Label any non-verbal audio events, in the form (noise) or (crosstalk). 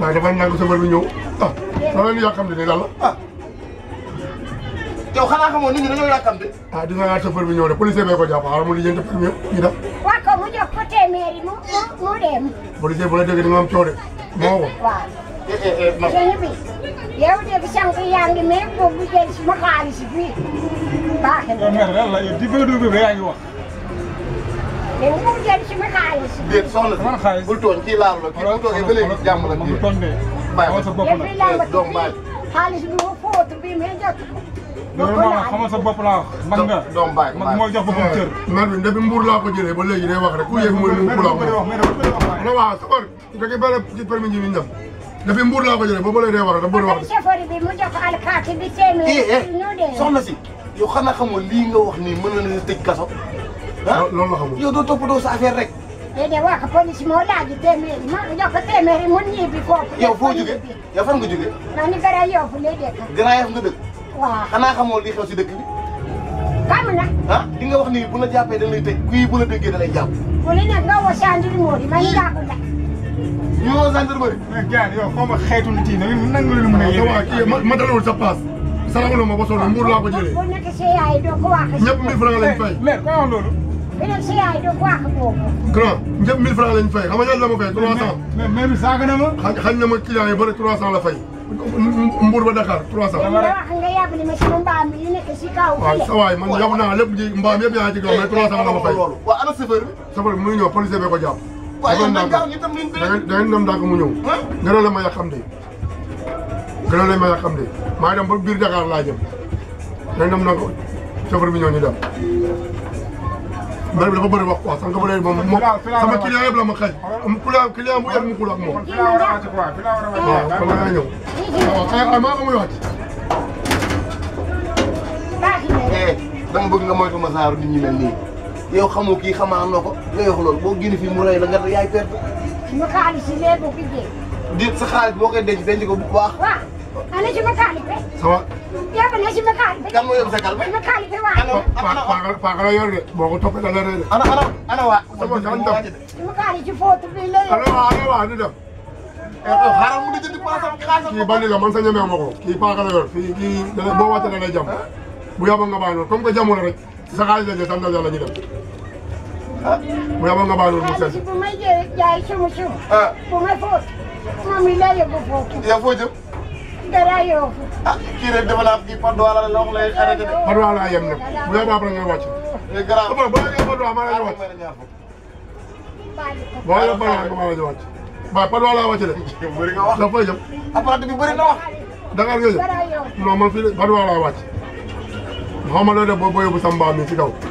waaye dafa nangu sëbal bi ñëw ah loolu la ñu yàkkamte ne lan la ah. yow xanaa xamoon nit ñi dañoo yàkkamte. ah dina naa sëbal bi ñëw de policier bee ko jàpp xaaral ma lijjanti premier ñu def. wax ko mu jox ko téeméeri mu mu dem. policier bu la déggee di nga am coode moo ko. waaw. jërëjëf eh, eh, eh, bi yow dégg sànq yaa ngi mais boobu jël suma xaalis bi baaxee. yow mer lan la yow di bëgg dugg ba yaa wax. mais mu jël ci ma xaalis. déet soxna si man xaalis bul tooñ kii laalu la kii bu toogee ba léegi jàmm la kii. bàyyi ko doom bàyyi xaalis bi ma fóotu bi mais jot. loolu maa xamal sa bopp laa wax. man nga doom bàyyi man moo jox boppam cër. man bi depuis mbuur laa ko jëlee ba léegi day wax rek ku yëg mooy mu mbuur laa ko. na waa sabar da ngay bëri ci permis ji ñu dem. depuis mbuur laa ko jëlee ba ba léegi day wax rek da bëri wax. chauffeur bi mu jox alkaati bi téeméer. soxna si yow xanaa xamoo lii nga wax nii mën na la tëj kaso. ah loolu la xamul yow doo toppatoo sa affaire rek. déedéet waa ko police moo laaj téeméeri ma jox ko téeméeri mu ñibbi foofu. yow foo jógee yow fan nga jógee. maa ngi Grand Yoff lay dëkk. Grand Yoff nga dëkk. waaw xanaa xamoo li xew si dëkk bi. xam na. ah li nga wax nii bu la jàppee dañ lay tëj kuy bu la déggee da lay jàpp. wala nag nga woo gendarmerie man jàpp la. ñu woo gendarmerie. mais gars yow xaw ma xeetu nit yi da ngeen nan nga leen mën a. waaw ah, waaw kii ma dalawul sa paas. salaamaaleykum ma ba sonn mbuur laa ko jëlee. boo nekk sa yaay doo ko wax. ñëpp 1000 francs lañ fay. mais koy wax loolu. bi nekk sa yaay doo ko wax boobu. grand ñëpp 1000 francs lañ fay xam nga ñaata la ma fay 300. mais mais bi saaga na ma. xañ na ma client yi bëri 300 la fay. Mbour ba Dakar 300. dama la wax nga yàgg ni ma sama mbaam yi nekk si kaw. waaw sa waay man yàgg naa lépp ji mbaam yëpp yaa ci kaw mais 300 la ma fay. waaw ana chauffeur bi. chauffeur bi mu ngi ñëw policier bee ko jàpp. waaye yéen da ngeen da ngeen dem ndànk mu ñëw. nga ne la ma yàq xam de gënoon nañ ma xam ne maa dem ba biir Dakar laa jëm nañ dem na ko chauffeur bi ñëw ñu dem. mbir bi dafa bëri wax quoi sànq ba léegi moom moom sama client yëpp la ma xëy. mu client client bu yàgg mu xul ak moom. waaw xam nga ñëw. waaw xëy na maa ngi wàcc. Eh, da nga bëgg nga moytu masaaru nit ñi mel nii yow xamoo kii xamaan na ko nga wax loolu boo génn fii mu rey la nga yaay perte. suñu xaalis yi léegi boo ko jiyee. di sa xaalis boo koy denc denc ko bu baax. Ana ma kalpe. Eh? Sawa. Ya ba eh. eh. na shi ma kalpe. Kan mo yom sa kalpe? Ma kalpe wa. Ano? Pa pa de. Mo ko tope da lere. Ana ana ana wa. Sawa kan da. Fi ki da bo jam. Bu ya ba nga ba Kom ko jamu rek. Sa xal da tan da la ñu dem. Bu ya ba nga ba mu sen. bu may je jaay ci Bu may foto. Mami la yo ko foto. ah kii rek dafa laa kii Padois la la wax lay arrêté de. Padois laa yem nag bu dee baax na nga wàcc. mais garaaw xam nga boo yeggee Padois maa la ñu wàcc. boo yeggee Padois maa la ñu wàcc. waaw Padois laa wàcc de. (laughs) bëri nga wax dafa jëm. appareil bi bëri na wax. Dakar nga jëm non man fii Padois laa wàcc. xaw ma loo def boo booyee bu Samba mi ci kaw.